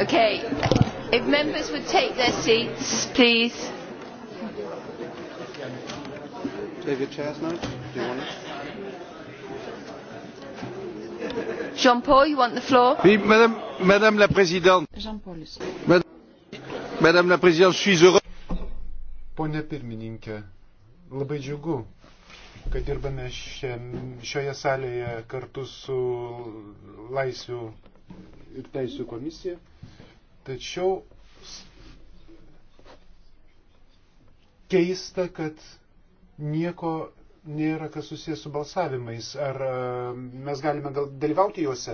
Okay. If members would take their seats, please. David Chasnote, do you want it? Jean Paul, you want the floor? Oui, Madame, Madame la Présidente. Jean Paul. Madame, Madame la Présidente, je suis heureux. Pone pirmininkė, labai džiugu, kad dirbame šioje salėje kartu su Laisvių ir Teisų komisija. Tačiau keista, kad nieko nėra kas susijęs su balsavimais. Ar e, mes galime gal dalyvauti juose?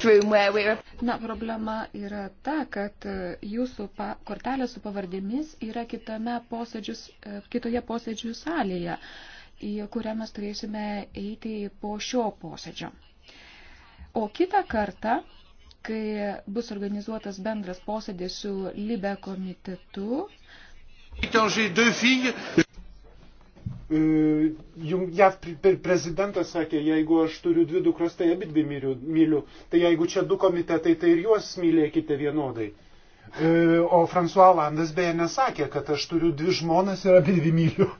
Na, problema yra ta, kad e, jūsų kortelė su pavardėmis yra kitame posėdžius, e, kitoje posėdžių salėje, į kurią mes turėsime eiti po šio posėdžio. O kitą kartą kai bus organizuotas bendras posėdis su Libe komitetu. Jums JAV prezidentas sakė, jeigu aš turiu dvi dukras, tai abi dvi myliu. Tai jeigu čia du komitetai, tai ir juos mylėkite vienodai. O François Landas beje nesakė, kad aš turiu dvi žmonas ir abi dvi myliu.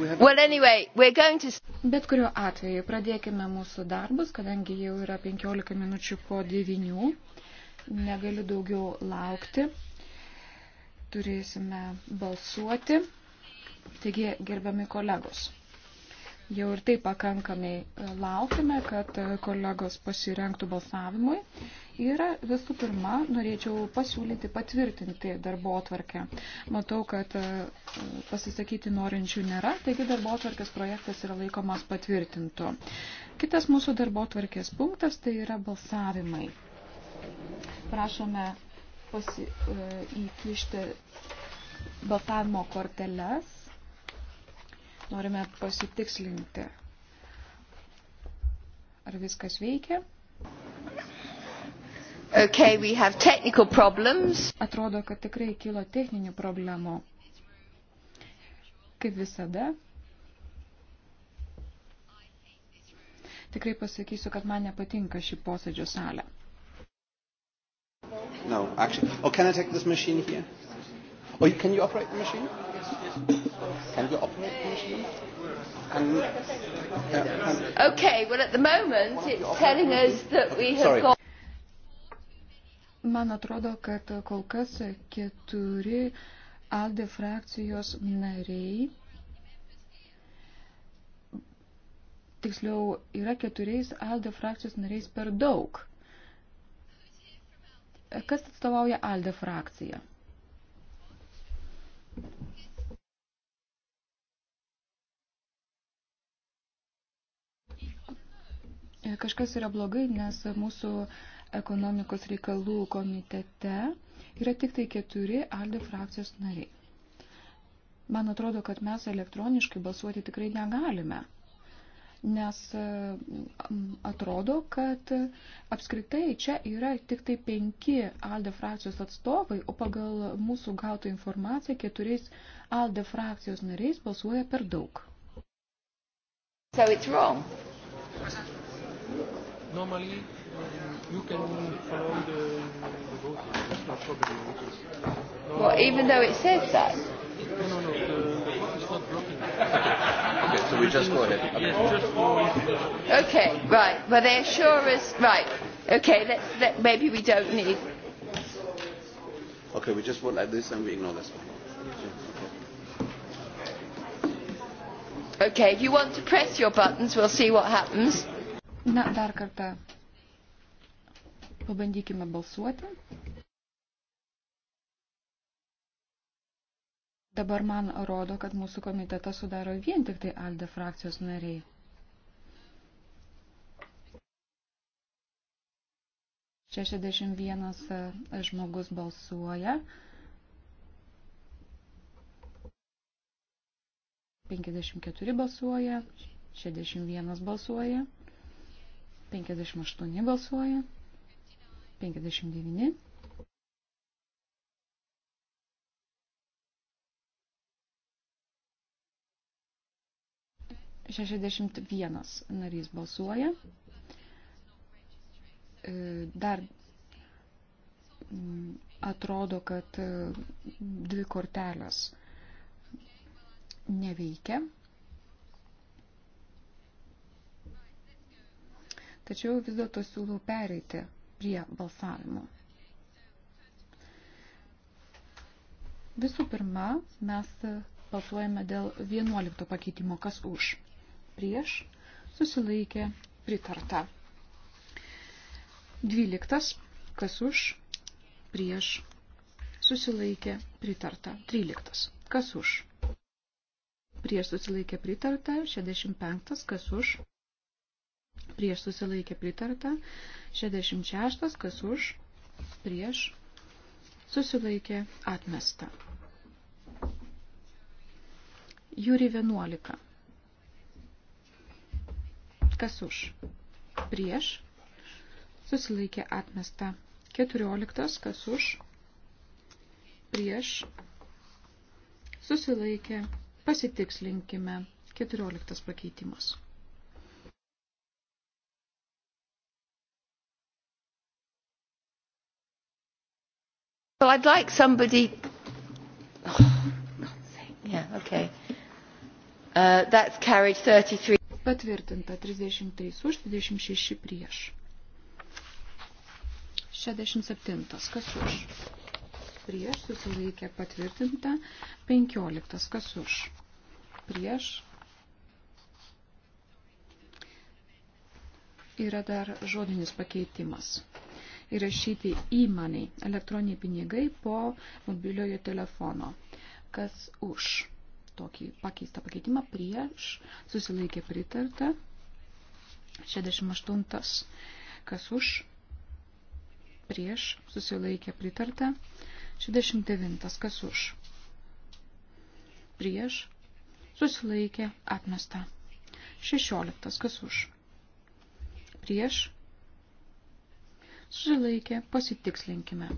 Well, anyway, to... Bet kuriuo atveju pradėkime mūsų darbus, kadangi jau yra 15 minučių po 9, negaliu daugiau laukti, turėsime balsuoti. Taigi, gerbiami kolegos jau ir taip pakankamai e, laukime, kad e, kolegos pasirenktų balsavimui. Ir visų pirma, norėčiau pasiūlyti patvirtinti darbo atvarkę. Matau, kad e, pasisakyti norinčių nėra, taigi darbo atvarkės projektas yra laikomas patvirtintu. Kitas mūsų darbo atvarkės punktas tai yra balsavimai. Prašome pasi, įkišti balsavimo korteles Norime pasitikslinti, ar viskas veikia. Okay, we have technical problems. Atrodo, kad tikrai kilo techninių problemų. Kaip visada. Tikrai pasakysiu, kad man nepatinka ši posėdžio salė. No, actually. Oh, can I take this machine here? Oh, you, can you operate the machine? Yes, yes. Can you operate the machine? And, uh, okay, well at the moment it's telling us that we have Sorry. got... Man atrodo, kad kol kas keturi ALDE frakcijos nariai, tiksliau, yra keturiais ALDE frakcijos nariais per daug. Kas atstovauja ALDE frakciją? E, kažkas yra blogai, nes mūsų ekonomikos reikalų komitete yra tik tai keturi ALDE frakcijos nariai. Man atrodo, kad mes elektroniškai balsuoti tikrai negalime, nes e, atrodo, kad apskritai čia yra tik tai penki ALDE frakcijos atstovai, o pagal mūsų gautą informaciją keturiais ALDE frakcijos nariais balsuoja per daug. So it's wrong normally um, you can follow the, the voting. That's not problem. No, well, even though it says that. No, no, no. The, the vote is not blocking. Okay. okay, so we just go ahead. Okay. Yes, just go okay, right. Well, they assure us. Right. Okay, let's, let, maybe we don't need. Okay, we just vote like this and we ignore this one. Okay, if you want to press your buttons, we'll see what happens. Na, dar kartą pabandykime balsuoti. Dabar man rodo, kad mūsų komitetą sudaro vien tik tai ALDE frakcijos nariai. Šešiasdešimt vienas e, žmogus balsuoja. 54 balsuoja, 61 balsuoja. 58 balsuoja. 59. Šešiasdešimt vienas narys balsuoja. E, dar mm, atrodo, kad e, dvi kortelės neveikia. Tačiau vis dėlto siūlau pereiti prie balsavimo. Visų pirma, mes balsuojame dėl 11 pakeitimo, kas už. Prieš susilaikė pritarta. 12, kas už. Prieš susilaikė pritarta. 13, kas už. Prieš susilaikė pritarta. 65, kas už prieš susilaikė pritarta, 66 kas už, prieš susilaikė atmesta. Jūri 11. Kas už? Prieš susilaikė atmesta. 14. Kas už? Prieš susilaikė. Pasitikslinkime. 14 pakeitimas. Well, I'd like somebody. Oh, yeah, okay. uh, that's carried 33. Patvirtinta 33 už 26 prieš. 67. Kas už? Prieš susilaikė patvirtinta. 15. Kas už? Prieš. Yra dar žodinis pakeitimas įrašyti įmoniai elektroniniai pinigai po mobiliojo telefono. Kas už tokį pakeistą pakeitimą prieš susilaikė pritarta. 68. Kas už prieš susilaikė pritarta. 69. Kas už prieš susilaikė atmesta. 16. Kas už prieš susilaikė, pasitikslinkime.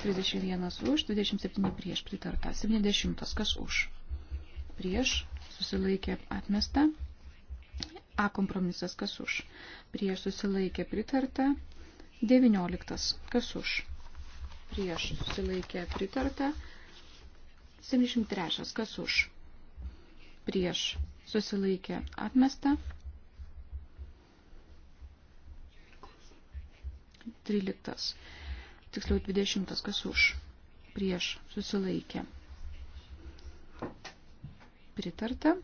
Trisdešimt vienas už, dvidešimt septyni prieš pritarta, septyniasdešimtas kas už, prieš susilaikė atmesta, A kompromisas kas už, prieš susilaikė pritarta, 19. Kas už? Prieš susilaikė pritarta. 73. Kas už? Prieš. Susilaikė. Atmesta. 13. Tiksliau 20. Kas už? Prieš. Susilaikė. Pritarta.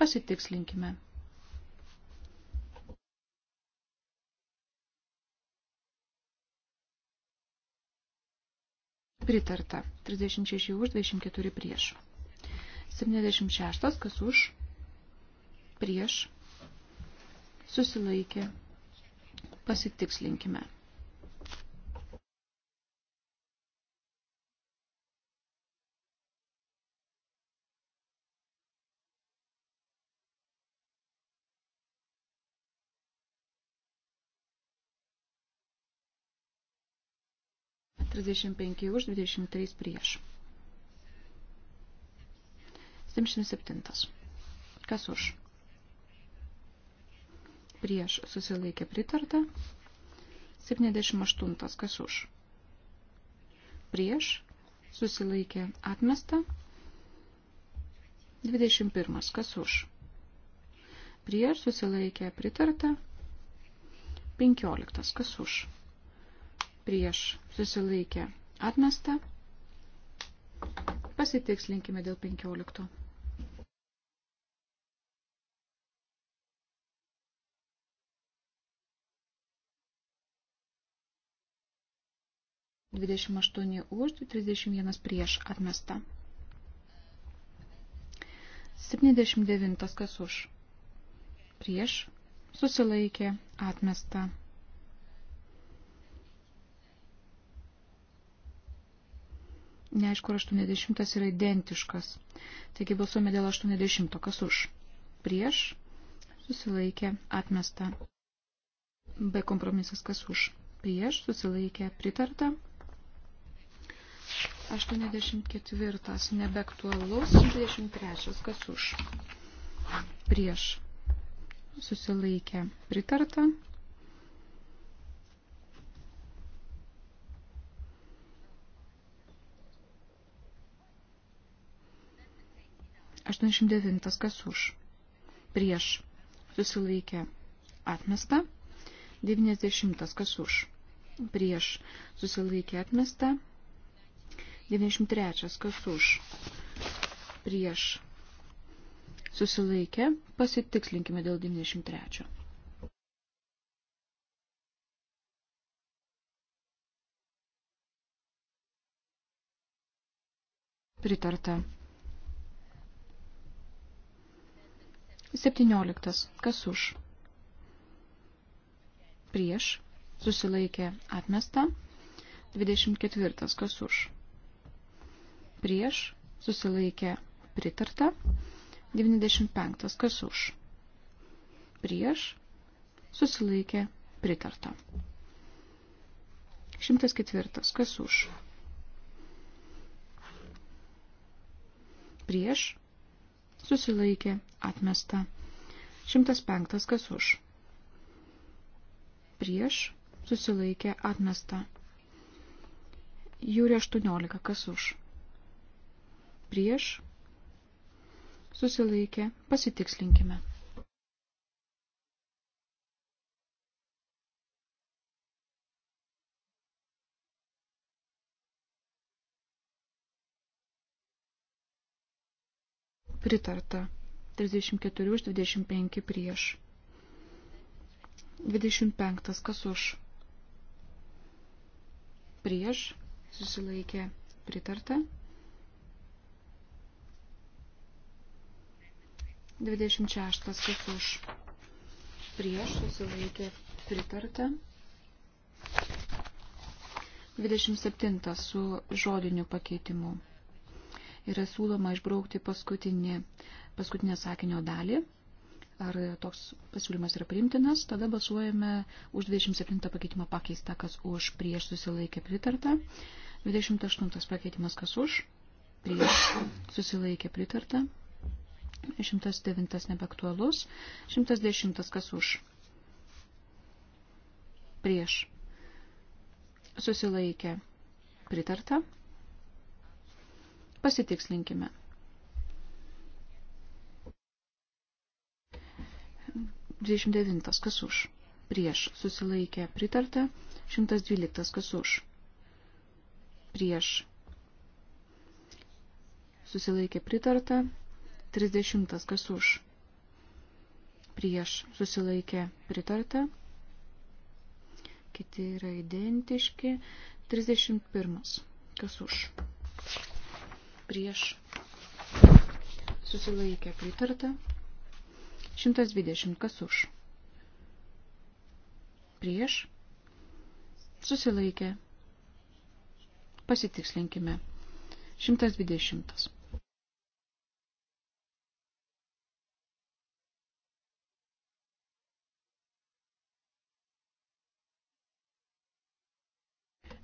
Pasitikslinkime. Pritarta. 36 už, 24 prieš. 76. Kas už? Prieš. Susilaikė. Pasitikslinkime. 35 už, 23 prieš. 77. Kas už? Prieš susilaikė pritarta. 78. Kas už? Prieš susilaikė atmesta. 21. Kas už? Prieš susilaikė pritarta. 15. Kas už? prieš susilaikė atmesta. Pasitikslinkime dėl 15. Dvidešimt aštuoni už, trisdešimt vienas prieš atmesta. Septyniasdešimt devintas kas už. Prieš susilaikė atmesta. Neaišku, ar 80 yra identiškas. Taigi balsuojame dėl 80. Kas už? Prieš. Susilaikė. Atmesta. B kompromisas. Kas už? Prieš. Susilaikė. Pritarta. 84. Nebeaktualus. 23. Kas už? Prieš. Susilaikė. Pritarta. 89. Kas už? Prieš. Susilaikė. Atmesta. 90. Kas už? Prieš. Susilaikė. Atmesta. 93. Kas už? Prieš. Susilaikė. Pasitikslinkime dėl 93. Pritarta. 17. Kas už? Prieš. Susilaikė atmesta. 24. Kas už? Prieš. Susilaikė pritarta. 95. Kas už? Prieš. Susilaikė pritarta. 104. Kas už? Prieš susilaikė, atmesta. 105 kas už. Prieš susilaikė, atmesta. Jūri 18 kas už. Prieš susilaikė, pasitikslinkime. pritarta. 34 už 25 prieš. 25. Kas už? Prieš. Susilaikė. Pritarta. 26. Kas už? Prieš. Susilaikė. Pritarta. 27. Su žodiniu pakeitimu yra siūloma išbraukti paskutinį, paskutinę sakinio dalį. Ar toks pasiūlymas yra priimtinas? Tada balsuojame už 27 pakeitimą pakeistą, kas už prieš susilaikė pritarta. 28 pakeitimas, kas už prieš susilaikė pritarta. 109 nebeaktualus. 110 kas už prieš susilaikė pritarta. Pasitikslinkime. Dvidešimt devintas, kas už? Prieš susilaikė pritarta. Šimtas dvyliktas, kas už? Prieš susilaikė pritarta. Trisdešimtas, kas už? Prieš susilaikė pritarta kiti yra identiški. 31. Kas už? prieš susilaikė pritarta. 120 kas už. Prieš susilaikė. Pasitikslinkime. 120.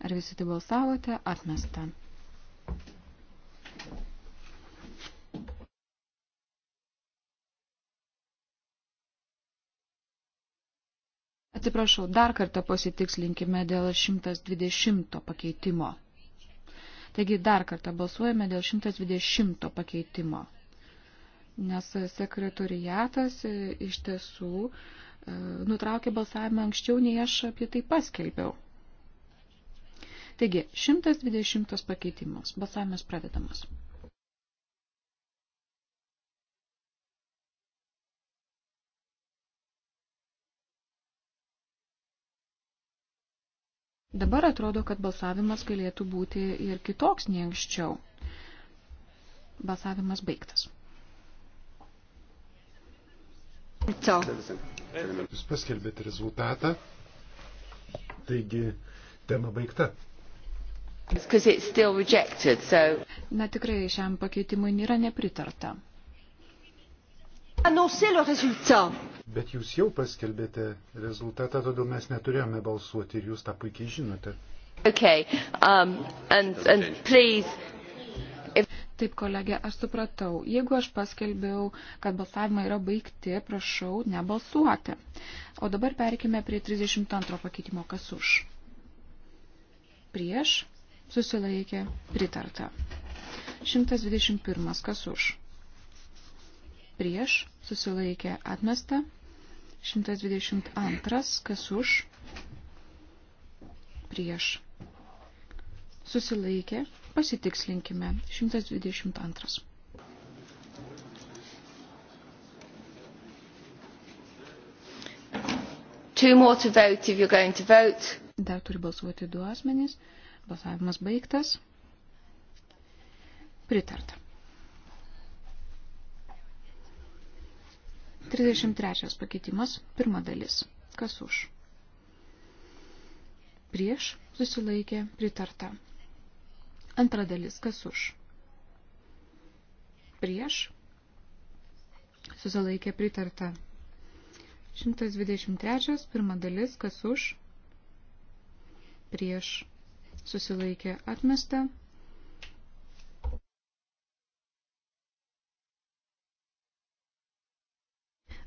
Ar visi tai balsavote? Atmesta. Atsiprašau, dar kartą pasitikslinkime dėl 120 pakeitimo. Taigi dar kartą balsuojame dėl 120 pakeitimo. Nes sekretoriatas e, iš tiesų e, nutraukė balsavimą anksčiau, nei aš apie tai paskelbiau. Taigi, 120 pakeitimas. Balsavimas pradedamas. Dabar atrodo, kad balsavimas galėtų būti ir kitoks nei anksčiau. Balsavimas baigtas. Co? Jūs paskelbėte rezultatą. Taigi, tema baigta. Rejected, so... Na tikrai šiam pakeitimui nėra nepritarta. Annoncer le résultat. Bet jūs jau paskelbėte rezultatą, todėl mes neturėjome balsuoti ir jūs tą puikiai žinote. Okay. Um, and, and please, if... Taip, kolegė, aš supratau. Jeigu aš paskelbiau, kad balsavimai yra baigti, prašau nebalsuoti. O dabar perkime prie 32 pakeitimo, kas už. Prieš susilaikė pritarta. 121. Kas už? prieš, susilaikė atmesta, 122, kas už, prieš, susilaikė, pasitikslinkime, 122. Two more to vote if you're going to vote. Dar turi balsuoti du asmenys. Balsavimas baigtas. Pritarta. 33 pakeitimas, pirma dalis. Kas už? Prieš susilaikė pritarta. Antra dalis. Kas už? Prieš susilaikė pritarta. 123 pirma dalis. Kas už? Prieš susilaikė atmesta.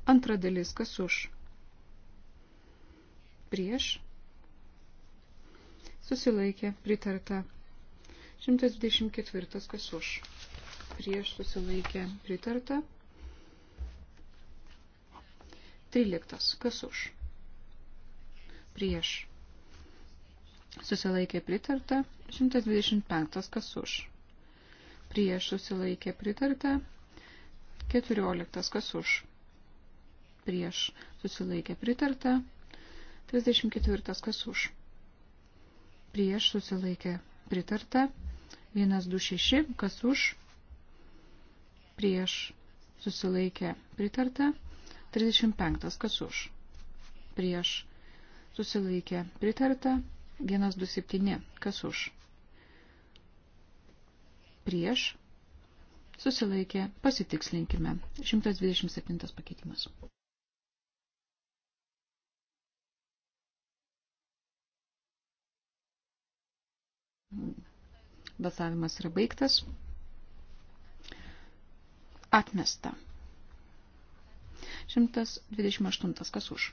Antra dalis, kas už? Prieš. Susilaikė, pritarta. 124, kas už? Prieš susilaikė, pritarta. 13, kas už? Prieš. Susilaikė, pritarta. 125, kas už? Prieš susilaikė, pritarta. 14, kas už? prieš susilaikė pritarta, 34 kas už, prieš susilaikė pritarta, 126 kas už, prieš susilaikė pritarta, 35 kas už, prieš susilaikė pritarta, 127 kas už, prieš Susilaikė, pasitikslinkime. 127 pakeitimas. Balsavimas yra baigtas. Atmesta. 128. Kas už?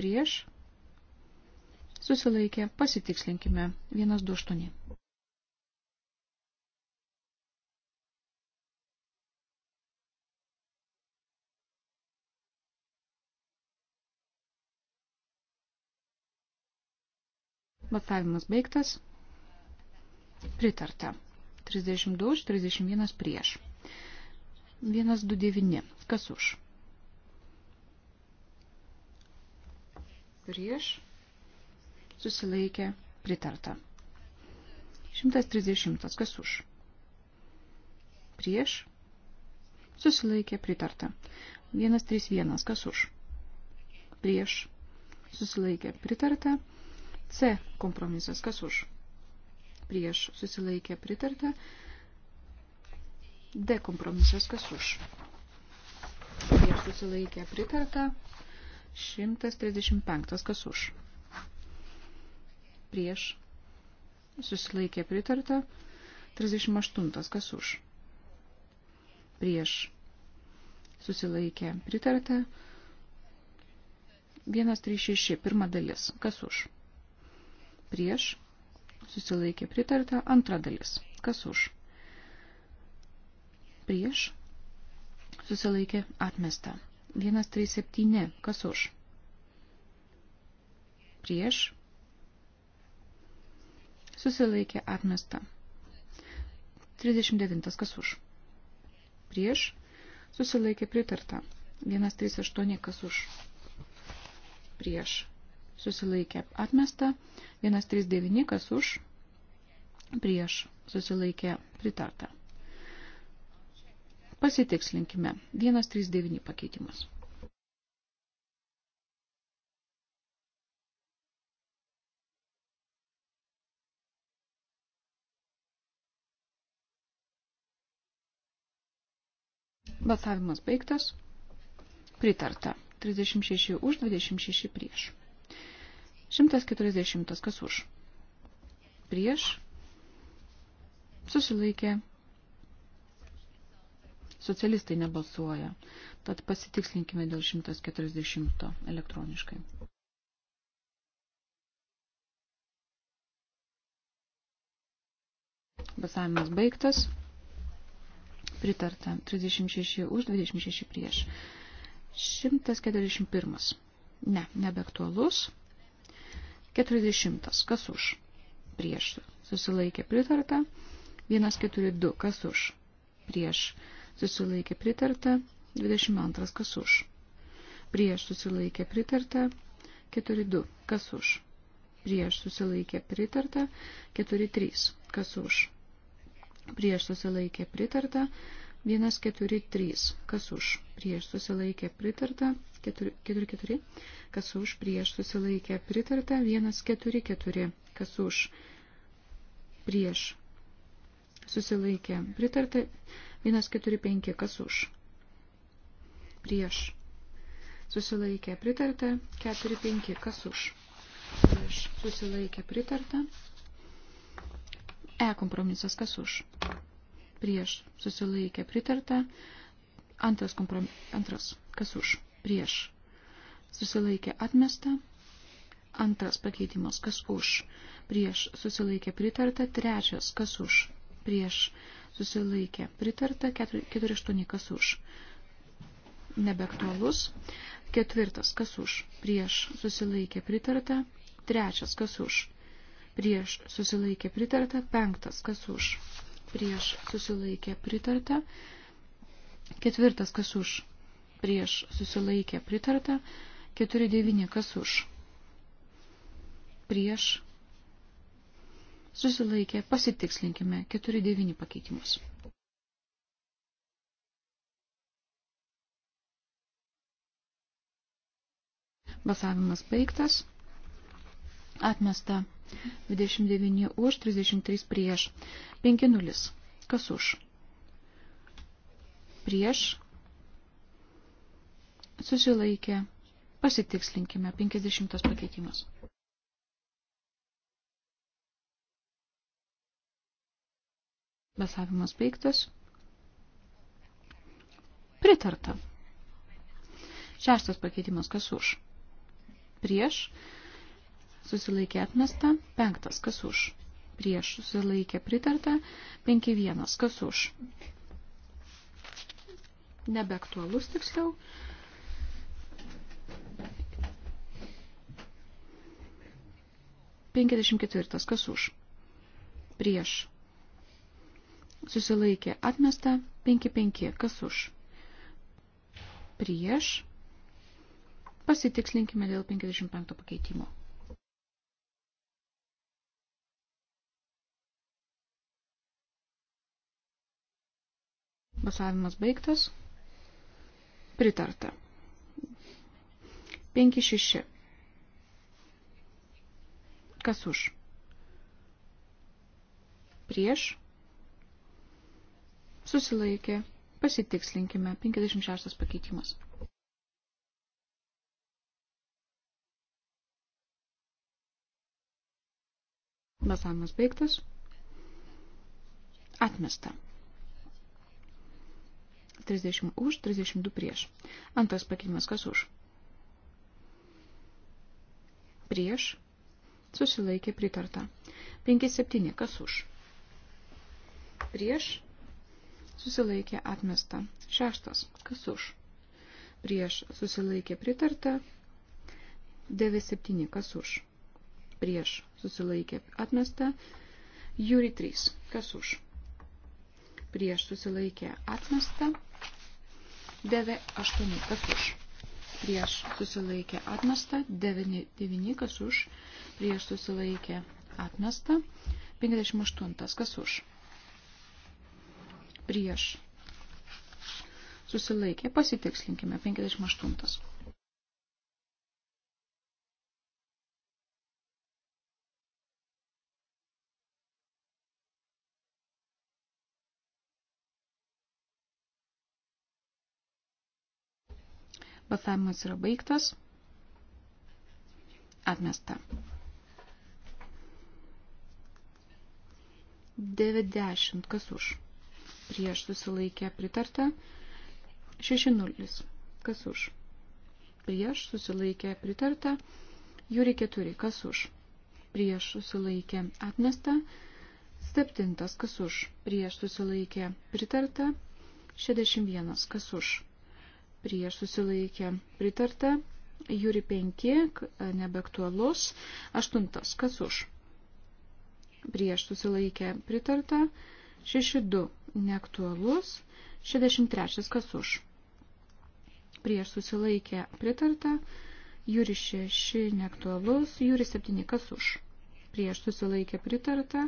Prieš. Susilaikė. Pasitikslinkime. 128. Balsavimas baigtas. Pritarta. 32 už, 31 prieš. 129. Kas už? Prieš. Susilaikė. Pritarta. 130. Kas už? Prieš. Susilaikė. Pritarta. 131. Kas už? Prieš. Susilaikė. Pritarta. C kompromisas. Kas už? Prieš susilaikė pritarta. D kompromisas. Kas už? Prieš susilaikė pritarta. 135. Kas už? Prieš susilaikė pritarta. 38. Kas už? Prieš susilaikė pritarta. 136. Pirma dalis. Kas už? prieš, susilaikė pritarta, antra dalis, kas už, prieš, susilaikė atmesta, 137, kas už, prieš, susilaikė atmesta, 39, kas už, prieš, susilaikė pritarta, 138, kas už, prieš, susilaikė atmesta, 139 kas už, prieš susilaikė pritarta. Pasitikslinkime, 139 pakeitimas. Balsavimas baigtas. Pritarta. 36 už, 26 prieš. 140. Kas už? Prieš. Susilaikė. Socialistai nebalsuoja. Tad pasitikslinkime dėl 140 elektroniškai. Balsavimas baigtas. Pritarta. 36 už, 26 prieš. 141. Ne, nebeaktualus. 40. Kas už? Prieš. Susilaikė pritarta. 142. Kas už? Prieš. Susilaikė pritarta. 22. Kas už? Prieš. Susilaikė pritarta. 42. Kas už? Prieš. Susilaikė pritarta. 43. Kas už? Prieš. Susilaikė pritarta. 44. 143. Kas už? Prieš susilaikė pritarta. 44. Kas už? Prieš susilaikė pritarta. 144. Kas už? Prieš susilaikė pritarta. 145. Kas už? Prieš susilaikė pritarta. 45. Kas už? Prieš susilaikė pritarta. E kompromisas. Kas už? prieš susilaikė pritarta, antras, komprom... antras kas už prieš susilaikė atmesta, antras pakeitimas kas už prieš susilaikė pritarta, trečias kas už prieš susilaikė pritarta, keturi aštuoni kas už nebeaktualus, ketvirtas kas už prieš susilaikė pritarta, trečias kas už prieš susilaikė pritarta, penktas kas už prieš susilaikė pritarta. Ketvirtas, kas už, prieš susilaikė pritarta. Keturi devyni, kas už, prieš susilaikė. Pasitikslinkime keturi devyni pakeitimus. Balsavimas baigtas. Atmesta 29 už, 33 prieš. 5-0. Kas už? Prieš. Susilaikė. Pasitikslinkime 50 pakeitimas. Basavimas baigtas. Pritarta. Šeštas pakeitimas. Kas už? Prieš. Prieš susilaikė atmesta, penktas kas už, prieš susilaikė pritarta, penki vienas kas už. Nebeaktualus tiksliau. Penkiasdešimt ketvirtas kas už, prieš susilaikė atmesta, penki penki kas už, prieš Pasitikslinkime dėl 55 pakeitimo. Balsavimas baigtas. Pritarta. 5-6. Kas už? Prieš. Susilaikė. Pasitikslinkime. 56 pakeitimas. Balsavimas baigtas. Atmesta. 30 už, 32 prieš. Antras pakeitimas kas už? Prieš. Susilaikė pritarta. 57 kas už? Prieš. Susilaikė atmesta. Šeštas kas už? Prieš. Susilaikė pritarta. 97 kas už? Prieš. Susilaikė atmesta. Jūri 3 kas už? prieš susilaikė atmesta, devė 8 kas už, prieš susilaikė atmesta, 9, 9 kas už, prieš susilaikė atmesta, 58 kas už, prieš susilaikė, pasitikslinkime 58. Balsavimas yra baigtas. Atmesta. 90. Kas už? Prieš susilaikė pritarta. 6.0. Kas už? Prieš susilaikė pritarta. Jūri 4. Kas už? Prieš susilaikė atmesta. 7. Kas už? Prieš susilaikė pritarta. 61. Kas už? prieš susilaikė pritarta, Jūri 5 nebeaktualus, 8 kas už, prieš susilaikė pritarta, 6-2 neaktualus, 63 kas už, prieš susilaikė pritarta, Jūri 6 neaktualus, Jūri 7 kas už, prieš susilaikė pritarta,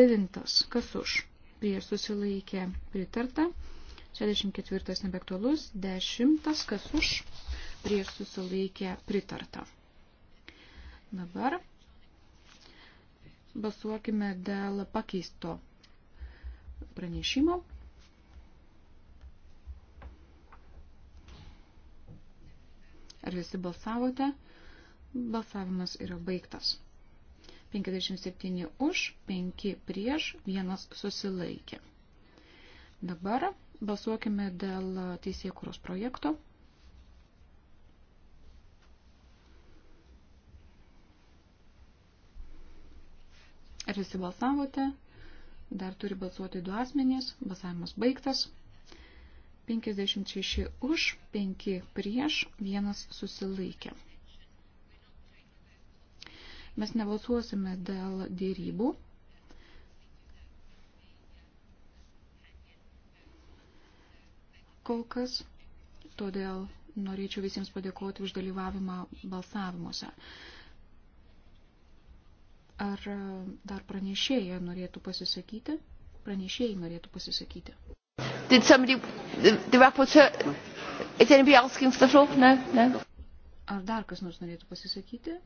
9 kas už, prieš susilaikė pritarta, 64 nebeaktualus, 10 kas už, prieš susilaikė pritarta. Dabar balsuokime dėl pakeisto pranešimo. Ar visi balsavote? Balsavimas yra baigtas. 57 už, 5 prieš, 1 susilaikė. Dabar Balsuokime dėl teisėkuros projekto. Ar visi balsavote? Dar turi balsuoti du asmenys. Balsavimas baigtas. 56 už, 5 prieš, vienas susilaikė. Mes nebalsuosime dėl dėrybų kol kas, todėl norėčiau visiems padėkoti už dalyvavimą balsavimuose. Ar e, dar pranešėja norėtų pasisakyti? Pranešėjai norėtų pasisakyti. Did somebody, the, the rapporteur, is anybody asking for the floor? No, no. Ar dar kas nors norėtų pasisakyti?